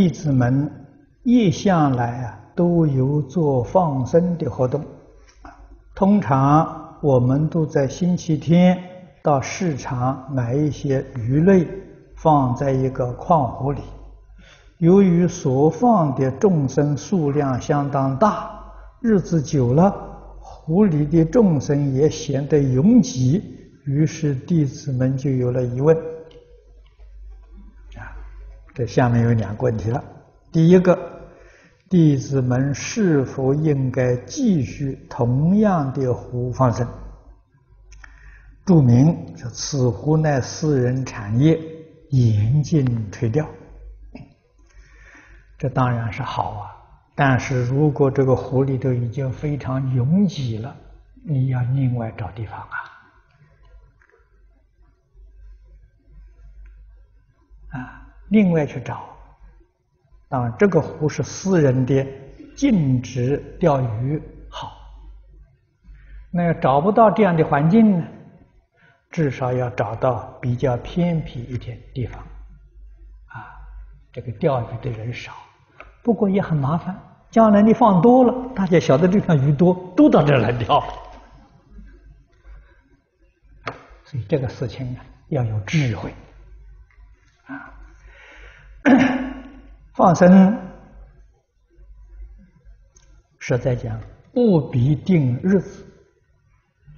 弟子們一向來啊都有做放生的活動，通常我們都在星期天到市場買一些魚類放在一個礦湖裡。由於所放的眾生數量相當大，日子久了，湖裡的眾生也顯得擁擠，於是弟子們就有了疑問。這下面有兩個問題了。第一個，弟子們是否應該繼續同樣的湖放生？注明，是此湖乃私人產業，嚴禁垂釣。這當然是好啊，但是如果這個湖裡頭已經非常擁擠了，你要另外找地方啊，啊。另外去找，當然這個湖是私人的，禁止釣魚。好，那要找不到這樣的環境呢，至少要找到比較偏僻一點地方，啊。這個釣魚的人少，不過也很麻煩。將來你放多了，大家曉得這地方魚多，都到這兒來釣。 所以這個事情啊，要有智慧。啊。放生，實在講，不必定日子。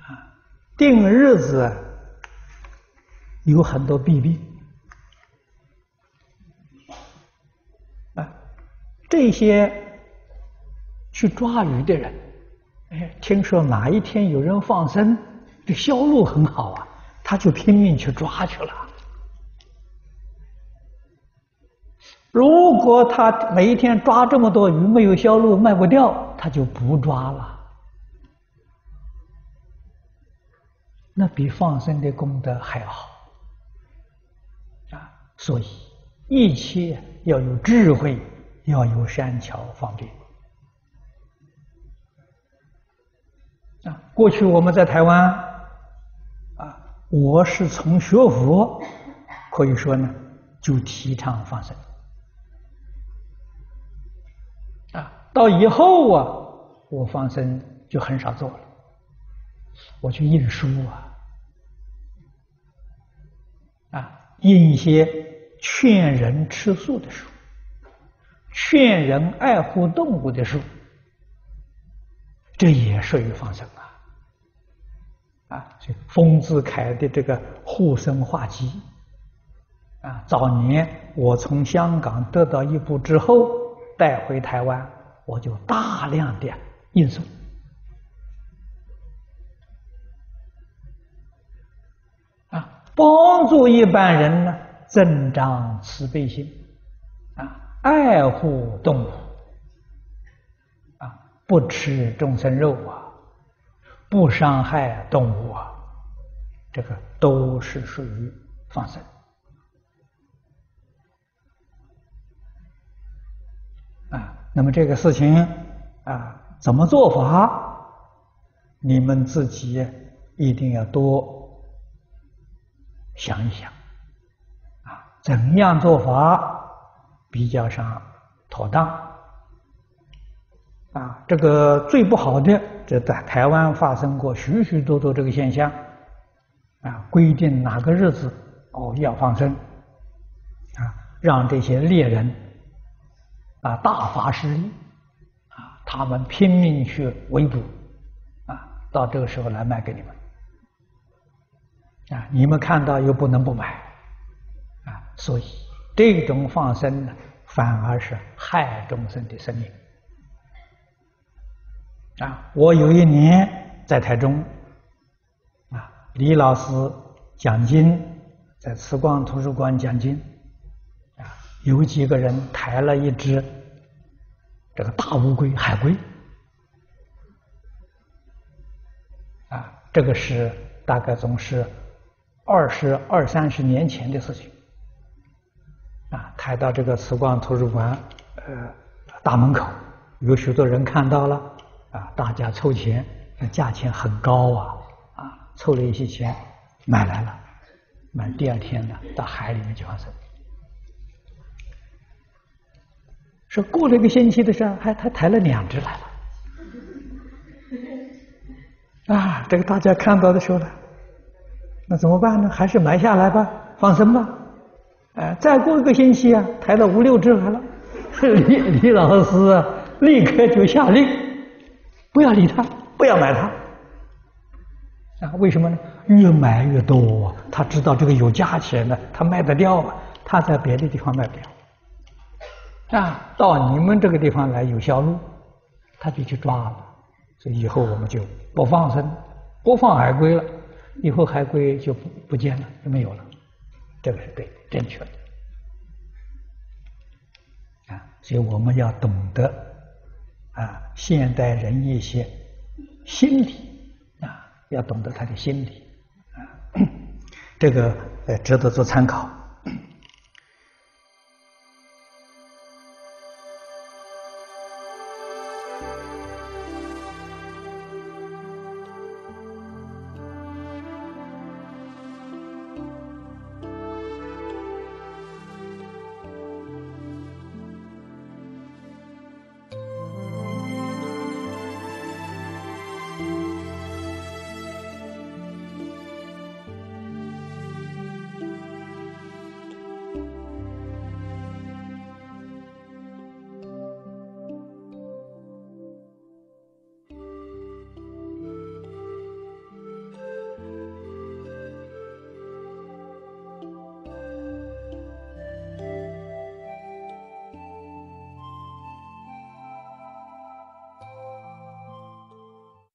啊，定日子有很多弊病。啊，這些去抓魚的人，哎，聽說哪一天有人放生，這銷路很好啊，他就拼命去抓去了。如果他每一天抓這麼多魚沒有銷路賣不掉，他就不抓了。那比放生的功德還要好啊！所以一切要有智慧，要有善巧方便。啊，過去我們在台灣，啊，我是從學佛可以說呢，就提倡放生。到以後啊，我放生就很少做了。我去印書啊，啊，印一些勸人吃素的書，勸人愛護動物的書，這也屬於放生啊。啊，所以豐子愷的這個護生畫集啊，早年我從香港得到一部之後，帶回台灣。我就大量的運送啊，幫助一般人呢增長慈悲心啊，愛護動物啊，不吃眾生肉啊，不傷害動物啊，這個都是屬於放生。那麼這個事情啊，怎麼做法？你們自己一定要多想一想，啊，怎麼樣做法比較上妥當？啊，這個最不好的，這在台灣發生過許許多多這個現象，啊，規定哪個日子哦要放生，啊，讓這些獵人。啊，大法師，啊，他們拼命去圍捕，啊，到這個時候來賣給你們，啊，你們看到又不能不買，啊，所以這種放生呢，反而是害眾生的生命。啊，我有一年在台中，啊，李老師講經，在慈光圖書館講經。有幾個人抬了一隻這個大烏龜，海龜啊，這個是大概總是二十二三十年前的事情啊，抬到這個慈光圖書館呃大門口，有許多人看到了啊，大家湊錢，價錢很高啊啊，湊了一些錢買來了，那第二天呢，到海裡面就要去放生。說過了一個星期的時候，還還抬了兩隻來了，啊，這個大家看到的時候呢，那怎麼辦呢？還是買下來吧，放生吧？哎，再過一個星期啊，抬了五六隻來了，李 李老師立刻就下令，不要理他，不要買他。啊，為什麼呢？越買越多，他知道這個有價錢的，他賣得掉啊，他在別的地方賣不了。啊，到你們這個地方來有銷路，他就去抓了。所以以後我們就不放生，不放海龜了。以後海龜就不不見了，就沒有了。這個是對，正確的。啊，所以我們要懂得啊，現代人一些心理啊，要懂得他的心理啊，這個呃值得做參考。